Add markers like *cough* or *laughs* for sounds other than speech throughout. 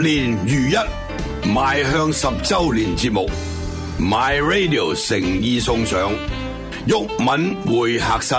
年如一，邁向十周年節目，My Radio 誠意送上，毓民會客室。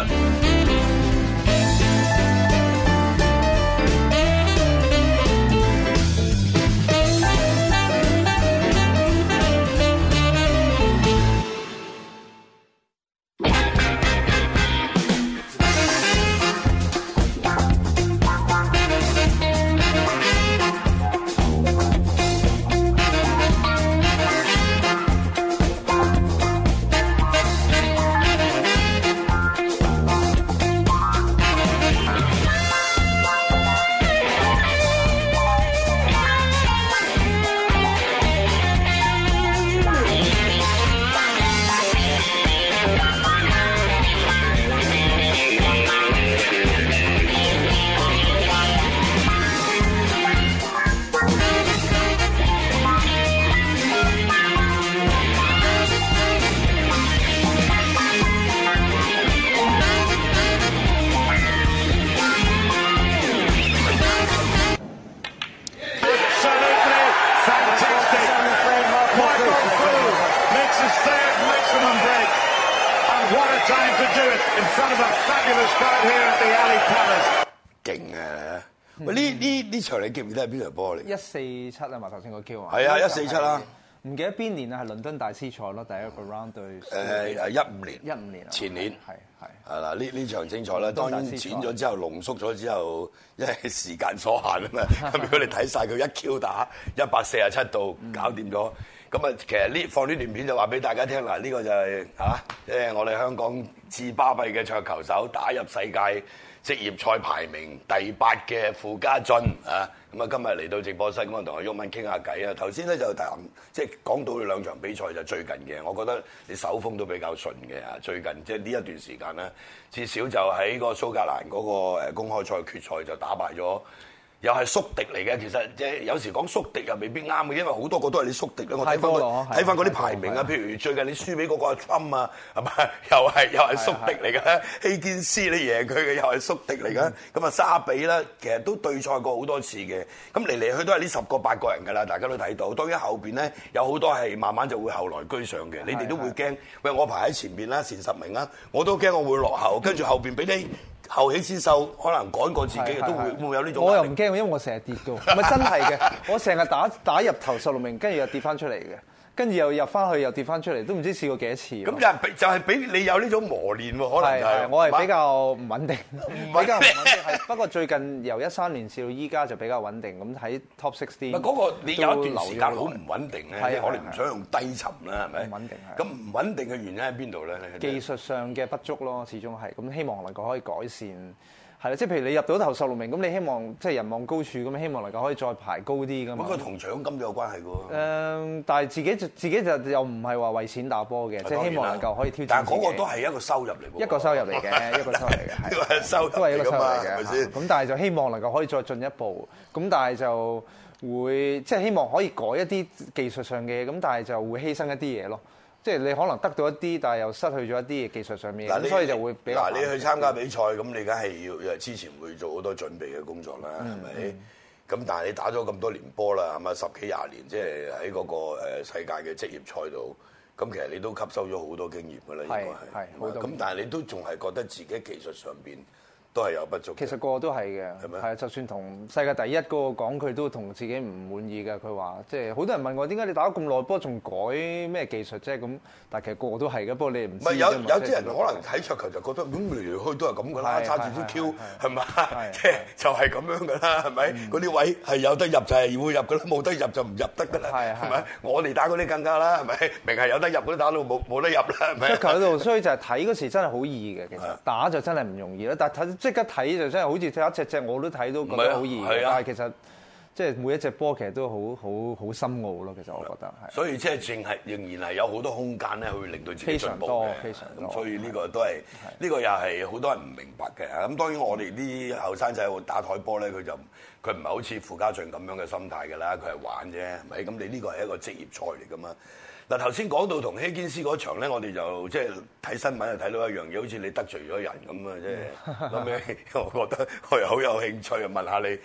場你記唔記得係邊場波嚟？一四七啊嘛，頭先個 Q 啊。係啊，一四七啊，唔記得邊年啊，係倫敦大師賽咯，第一個 round 對。誒、呃，一五年。一五年前年係係。啊嗱，呢呢場精彩啦，當然剪咗之後濃縮咗之後，因為時間所限啊嘛。咁 *laughs* 如果你睇晒佢一 Q 打一百四十七度，搞掂咗。咁、嗯這個就是、啊，其實呢放呢段片就話俾大家聽啦，呢個就係吓，即係我哋香港至巴閉嘅桌球手打入世界。職業賽排名第八嘅傅家俊啊，咁啊今日嚟到直播室咁同阿毓民傾下偈啊。頭先咧就談，即係講到兩場比賽就最近嘅，我覺得你手風都比較順嘅啊。最近即係呢一段時間咧，至少就喺個蘇格蘭嗰個公開賽嘅決賽就打敗咗。又係宿敵嚟嘅，其實即係有時講宿敵又未必啱嘅，因為好多個都係你宿敵啦。我睇翻睇翻嗰啲排名啊，譬如最近你輸俾嗰個阿琛啊，係又係又係宿敵嚟嘅？希堅斯你贏佢嘅又係宿敵嚟嘅。咁啊沙比啦，其實都對賽過好多次嘅。咁嚟嚟去都係呢十個八個人㗎啦，大家都睇到。當然後邊咧有好多係慢慢就會後來居上嘅，你哋都會驚。喂，我排喺前邊啦，前十名啦，我都驚我會落後，跟住後邊俾你。後起之秀可能趕過自己嘅的都會的會，會有呢種。我又唔驚，因為我成日跌嘅，唔係真係嘅， *laughs* 我成日打打入頭十六名，跟住又跌返出嚟嘅。跟住又入翻去，又跌翻出嚟，都唔知試過幾多次。咁有人畀就係、是、畀你有呢種磨練可能係、就是。我係比較唔穩定。唔係不，是不，不過最近由一三年試到依家就比較穩定，咁喺 Top 16啲。唔係嗰個，你有一段時間好唔穩定咧，的我哋唔想用低沉啦，係咪？唔穩定。咁唔穩定嘅原因喺邊度咧？技術上嘅不足咯，始終係咁，希望能夠可以改善。係啦，即係譬如你入到頭十六名，咁你希望即係人望高處咁，希望能夠可以再排高啲咁。咁佢同獎金有關係嘅喎、嗯。但係自己就自己就又唔係話為錢打波嘅，即係希望能夠可以挑戰自己。但係嗰個都係一個收入嚟、嗰個，一個收入嚟嘅， *laughs* 一個收入嚟嘅，都係收都係一個收入嚟嘅，係咪先吧？咁但係就希望能夠可以再進一步，咁但係就會即係、就是、希望可以改一啲技術上嘅，咁但係就會犧牲一啲嘢咯。即係你可能得到一啲，但係又失去咗一啲技術上面，你所以就會比較嗱。你去參加比賽，咁你梗係要因為之前會做好多準備嘅工作啦，係咪？咁、嗯、但係你打咗咁多年波啦，係咪？十幾廿年，即係喺嗰個誒世界嘅職業賽度，咁其實你都吸收咗好多經驗㗎啦，應該係。係，咁吧很多 但係你都仲係覺得自己技術上邊？都係有不足。其實個個都係嘅，係咪？係啊，就算同世界第一個講，佢都同自己唔滿意嘅。佢話即係好多人問我，點解你打咁耐波，仲改咩技術啫？咁但係其實個個都係嘅，不過你唔咪有有啲人可能睇桌球就覺得咁嚟嚟去都係咁噶啦，揸住支 Q 係咪？即係就係咁樣噶啦，係咪？嗰啲位係有得入就係會入嘅啦，冇得入就唔入得噶啦，係咪？我哋打嗰啲更加啦，係咪？明係有得入啲打到冇冇得入啦，係咪？桌球喺度，所以就係睇嗰時真係好易嘅，其實打就真係唔容易啦。但係睇。即刻睇就真係好似睇一隻隻，我都睇到咁樣好易。但係其實即係每一隻波其實都好好好深奧咯。的其實我覺得係。所以即係淨係仍然係有好多空間咧，去令到自己進步嘅。咁的所以呢個都係呢的個又係好多人唔明白嘅。咁當然我哋啲後生仔會打台波咧，佢就佢唔係好似傅家俊咁樣嘅心態㗎啦。佢係玩啫，咪咁你呢個係一個職業賽嚟㗎嘛。嗱，頭先講到同希堅斯嗰場咧，我哋就即係睇新聞就睇到一樣嘢，好似你得罪咗人咁啊！即係後屘，我覺得佢好有興趣啊，問下你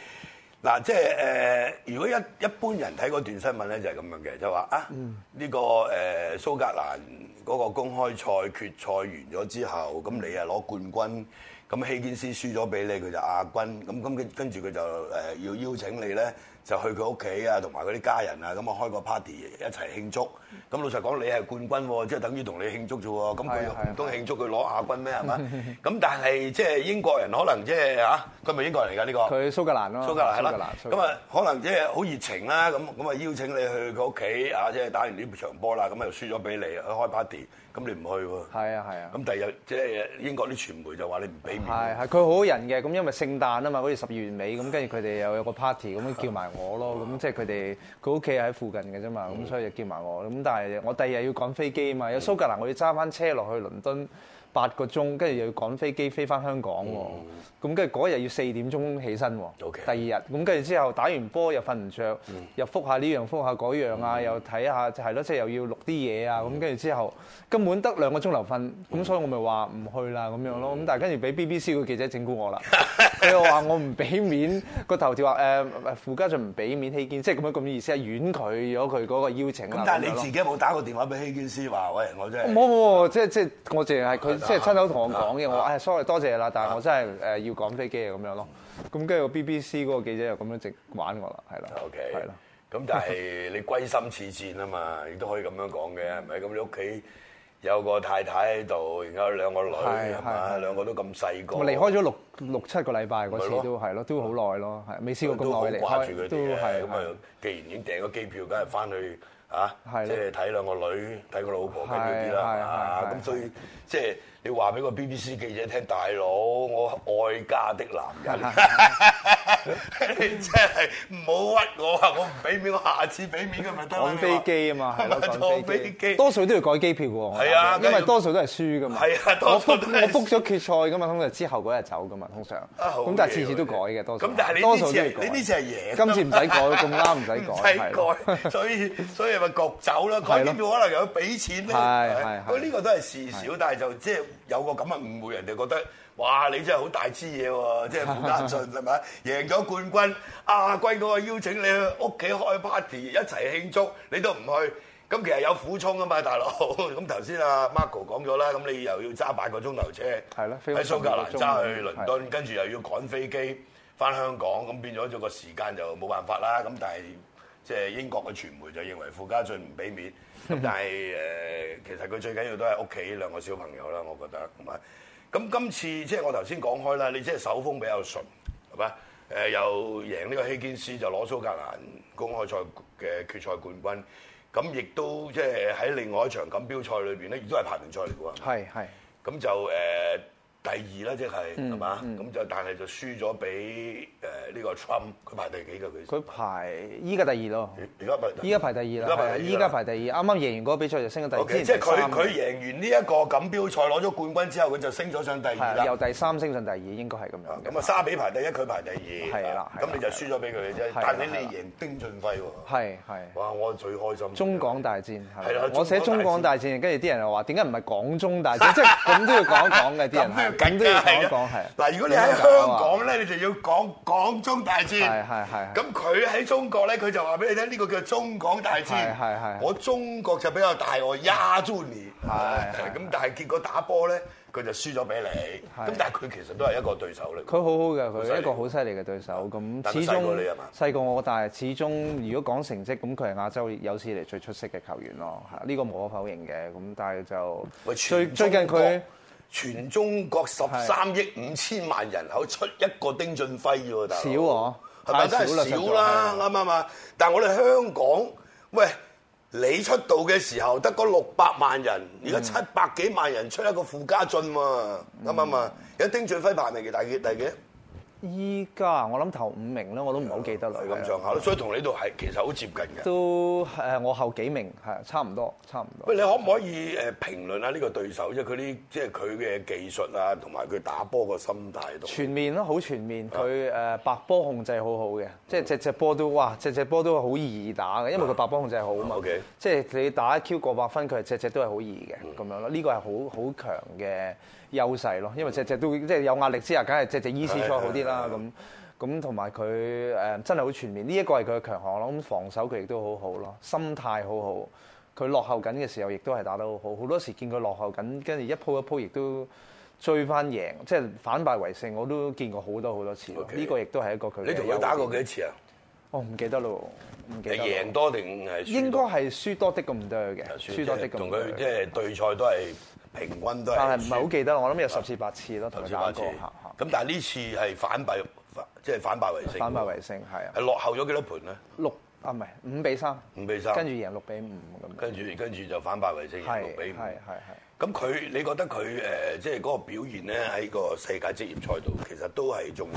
嗱，即係誒，如果一一般人睇嗰段新聞咧，就係咁樣嘅，就話啊，呢、這個誒、呃、蘇格蘭嗰個公開賽決賽完咗之後，咁你啊攞冠軍，咁希堅斯輸咗俾你，佢就亞軍，咁咁跟跟住佢就誒、呃、要邀請你咧。就去佢屋企啊，同埋嗰啲家人啊，咁啊開個 party 一齊慶祝。咁老實講，你係冠軍喎，即係等於同你慶祝啫喎。咁佢唔通慶祝佢攞亞軍咩？係嘛。咁但係即係英國人可能即係啊，佢咪英國人嚟㗎呢個？佢蘇格蘭咯，蘇格蘭係啦。咁啊可能即係好熱情啦。咁咁啊邀請你去佢屋企啊，即係打完呢場波啦，咁又輸咗俾你去開 party，咁你唔去喎。係啊係啊。咁第日即係英國啲傳媒就話你唔俾面。係係，佢好人嘅。咁因為聖誕啊嘛，好似十二月尾咁，跟住佢哋又有個 party，咁叫埋。我咯，咁即係佢哋，佢屋企喺附近嘅啫嘛，咁 *noise* 所以就叫埋我。咁但係我第二日要趕飛機啊嘛，有蘇格蘭我要揸翻車落去倫敦。八個鐘，跟住又要趕飛機飛翻香港喎，咁跟住嗰日要四點鐘起身第二日，咁跟住之後打完波又瞓唔着，又復下呢樣復下嗰樣啊，又睇下，就係咯，即係又要錄啲嘢啊，咁跟住之後根本得兩個鐘頭瞓，咁所以我咪話唔去啦咁樣咯，咁但係跟住俾 BBC 個記者整蠱我啦，佢又話我唔俾面，個頭條話誒傅家俊唔俾面希堅，即係咁樣咁嘅意思係婉拒咗佢嗰個邀請啦。咁但係你自己冇打個電話俾希堅師話喂我真？冇冇，即係即係我淨係佢。即係親口同我講嘅，我誒 sorry 多謝啦，但係我真係誒要趕飛機啊咁樣咯。咁跟住 BBC 嗰個記者又咁樣直玩我啦，係啦，係啦 Okay, 的。咁但係你歸心似箭啊嘛，亦都 *laughs* 可以咁樣講嘅，係咪？咁你屋企有個太太喺度，然後兩個女係嘛，兩個都咁細個。我離開咗六六七個禮拜嗰次的對都係咯，都好耐咯，係未試過咁耐嚟。都掛住佢哋都係咁啊！既然已經訂咗機票，梗係翻去。嚇，即係睇兩個女，睇個老婆嗰啲啦，啊， *music* 咁所以即係你話俾個 BBC 記者聽，大佬我愛家的男人。你真係唔好屈我啊！我唔俾面，我下次俾面佢咪得趕飛機啊嘛，係趕飛機。多數都要改機票喎。係啊，因為多數都係輸噶嘛。係啊，我 book 我 book 咗決賽噶嘛，通常之後嗰日走噶嘛，通常。咁但係次次都改嘅，多數。咁但係呢次，呢次係贏。今次唔使改，咁啱唔使改。改，所以所以咪焗走啦，焗機票可能又要俾錢。係係係。呢個都係事小，但係就即係有個咁嘅誤會，人哋覺得。哇！你真係好大支嘢喎，即係傅家俊係咪？ *laughs* 贏咗冠軍，阿、啊、君哥邀請你去屋企開 party 一齊慶祝，你都唔去。咁其實有苦衷啊嘛，大佬。咁頭先阿 Marco 講咗啦，咁你又要揸八個鐘頭車，喺 *laughs* 蘇格蘭揸去倫敦，跟住 *laughs* 又要趕飛機翻香港，咁 *laughs* 變咗咗個時間就冇辦法啦。咁但係即係英國嘅傳媒就認為傅家俊唔俾面。咁但係誒、呃，其實佢最緊要都係屋企兩個小朋友啦，我覺得同埋。 *laughs* 咁今次即係我頭先講開啦，你即係手風比較順，係咪？誒，又贏呢個希堅斯就攞蘇格蘭公開賽嘅決賽冠軍，咁亦都即係喺另外一場錦標賽裏邊咧，亦都係排名賽嚟嘅喎。係係。咁就誒。呃第二啦，即係係嘛？咁就但係就輸咗俾誒呢個 Trump，佢排第幾㗎？其實佢排依家第二咯。而家排，依家排第二啦。依家排第二，啱啱贏完嗰個比賽就升咗第二。即係佢佢贏完呢一個錦標賽攞咗冠軍之後，佢就升咗上第二啦。由第三升上第二，應該係咁樣。咁啊，沙比排第一，佢排第二。係啦，咁你就輸咗俾佢啫。但係你你贏丁俊輝喎。係係。哇！我最開心。中港大戰係。我寫中港大戰，跟住啲人就話：點解唔係港中大戰？即係咁都要講講嘅啲人。梗都要講，嗱，如果你喺香港咧，你就要講港中大戰。係係係。咁佢喺中國咧，佢就話俾你聽，呢個叫中港大戰。係係。我中國就比較大，我壓住你。係。咁但係結果打波咧，佢就輸咗俾你。咁但係佢其實都係一個對手嚟。佢好好嘅，佢係一個好犀利嘅對手。咁，但係始終你係嘛？細過我，但係始終如果講成績，咁佢係亞洲有史以嚟最出色嘅球員咯。係，呢個無可否認嘅。咁但係就最最近佢。全中國十三億五千萬人口，出一個丁俊輝喎，大佬對少喎了，係咪真係少啦？啱啱啊？吧吧但係我哋香港，喂，你出道嘅時候得嗰六百萬人，而家七百幾萬人出一個傅家俊喎，啱啱啊？而家、嗯、丁俊輝排名嘅，大幾大幾。依家我諗頭五名咧，我都唔好記得啦。咁上下，所以同你度係其實好接近嘅。都誒，我後幾名係差唔多，差唔多。喂，你可唔可以誒評論下呢個對手，即係佢啲即係佢嘅技術啊，同埋佢打波個心態都？全面咯，好全面。佢誒白波控制好好嘅，即係隻隻波都哇，隻隻波都好易打嘅，因為佢白波控制好啊嘛。O K。即係你打一 Q 過百分，佢隻隻都係好易嘅咁樣咯。呢個係好好強嘅優勢咯，因為隻隻都即係有壓力之下，梗係隻隻 E C P 好啲。啦咁咁同埋佢誒真係好全面，呢一個係佢嘅強項咯。咁防守佢亦都好好咯，心態好好。佢落後緊嘅時候，亦都係打得好好。好多時見佢落後緊，跟住一鋪一鋪亦都追翻贏，即係反敗為勝。我都見過好多好多次。呢的個亦都係一個佢。你同佢打過幾多次啊？我唔記得咯，唔記得。你贏多定係？應該係輸多的咁多嘅，輸多的咁他。同佢即係對賽都係。平均都係，但係唔係好記得，的我諗有十次八次咯，同佢爭過。咁但係呢次係反敗，即係反敗為勝。反敗為勝係啊！係落後咗幾多盤咧？六啊，唔係五比三。五比三，跟住贏六比五咁。跟住跟住就反敗為勝，六的比五，係係。咁佢，你覺得佢誒，即係嗰個表現咧，喺個世界職業賽度，其實都係仲。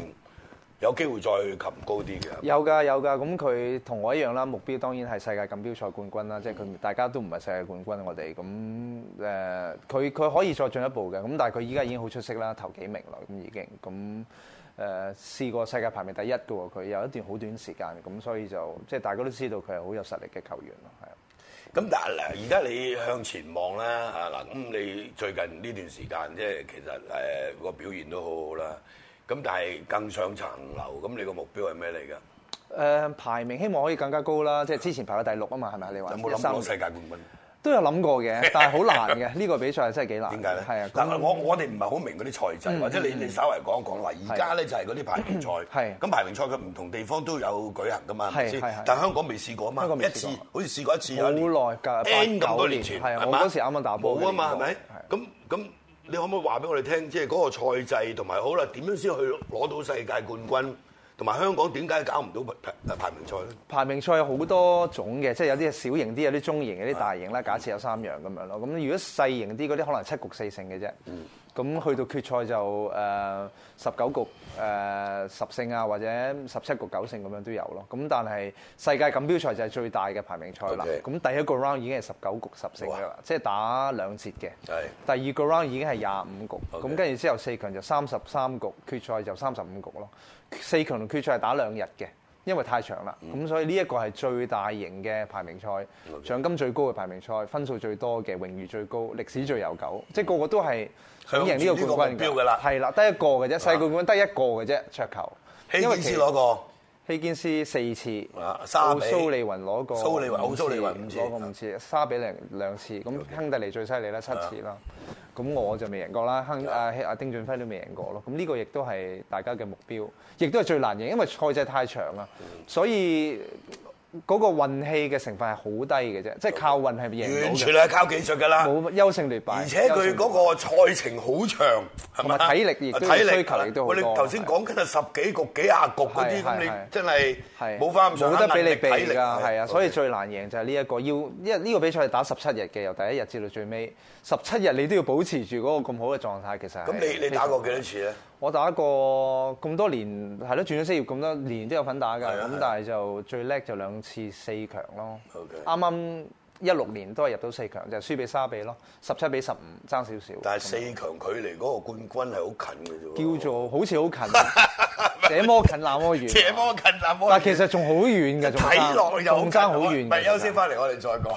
有機會再擒高啲嘅。有噶有噶，咁佢同我一樣啦。目標當然係世界錦標賽冠軍啦。即係佢大家都唔係世界冠軍，我哋咁誒，佢佢、呃、可以再進一步嘅。咁但係佢依家已經好出色啦，頭幾名啦咁已經。咁誒、呃、試過世界排名第一嘅喎，佢有一段好短時間。咁所以就即係大家都知道佢係好有實力嘅球員咯。係。咁但係嗱，而家你向前望啦啊嗱，咁你最近呢段時間即係其實誒個、呃、表現都好好啦。咁但係更上層樓，咁你個目標係咩嚟㗎？誒排名希望可以更加高啦，即係之前排到第六啊嘛，係咪？你話有冇諗過世界冠軍？都有諗過嘅，但係好難嘅。呢個比賽係真係幾難。點解咧？係啊！嗱，我我哋唔係好明嗰啲賽制，或者你哋稍為講一講嗱。而家咧就係嗰啲排名賽，係咁排名賽佢唔同地方都有舉行㗎嘛。係係但香港未試過啊嘛。香港一次好似試過一次好耐㗎，N 咁多年前，我嗰時啱啱打波。冇啊嘛，係咪？咁咁。你可唔可以話俾我哋聽，即係嗰個賽制同埋好啦，點樣先去攞到世界冠軍？同埋香港點解搞唔到排排名賽咧？排名賽有好多種嘅，即係有啲小型啲，有啲中型，有啲大型啦。假設有三樣咁樣咯。咁如果細型啲嗰啲，可能七局四勝嘅啫。嗯咁去到決賽就誒十九局誒十勝啊，或者十七局九勝咁樣都有咯。咁但係世界錦標賽就係最大嘅排名賽啦。咁 Okay. 第一個 round 已經係十九局十勝噶啦，哇即係打兩節嘅。是第二個 round 已經係廿五局。咁跟住之後四強就三十三局，決賽就三十五局咯。四強同決賽係打兩日嘅。因為太長啦，咁所以呢一個係最大型嘅排名賽，獎 Okay. 金最高嘅排名賽，分數最多嘅，榮譽最高，歷史最悠久，mm hmm. 即係個個都係想贏呢個冠軍標噶啦，係啦，得一個嘅啫，世冠軍得一個嘅啫，桌球，佢幾次攞過？希堅斯四次，沙比蘇利雲攞過，蘇利雲、奧蘇利雲攞過五次，沙比零兩次，咁亨特尼最犀利啦，七次啦，咁、嗯、我就未贏過啦，兄阿阿丁俊輝都未贏過咯，咁呢個亦都係大家嘅目標，亦都係最難贏，因為賽制太長啦，所以。嗰個運氣嘅成分係好低嘅啫，即係靠運係贏到嘅。完全係靠技術㗎啦，冇優勝劣敗。而且佢嗰個賽程好長，同埋體力亦都係，體力需求亦都好多。我哋頭先講緊係十幾局、幾廿局嗰啲，咁係啊，係啊，你真係冇翻冇得俾你避㗎。係啊，所以最難贏就係呢一個，要因為呢個比賽係打十七日嘅，由第一日至到最尾十七日，你都要保持住嗰個咁好嘅狀態。其實咁你你打過幾多次咧？我打過咁多年，係咯，轉咗職業咁多年都有份打㗎，咁但係就最叻就兩次四強咯。啱啱一六年都係入到四強，就係、輸俾沙比咯，十七比十五爭少少。點點但係四強距離嗰個冠軍係好近嘅啫。叫做好似好近，這麼 *laughs* 是近那麼遠，這麼近那麼。但其實仲好遠嘅，仲又爭好遠。咪休息翻嚟，我哋再講。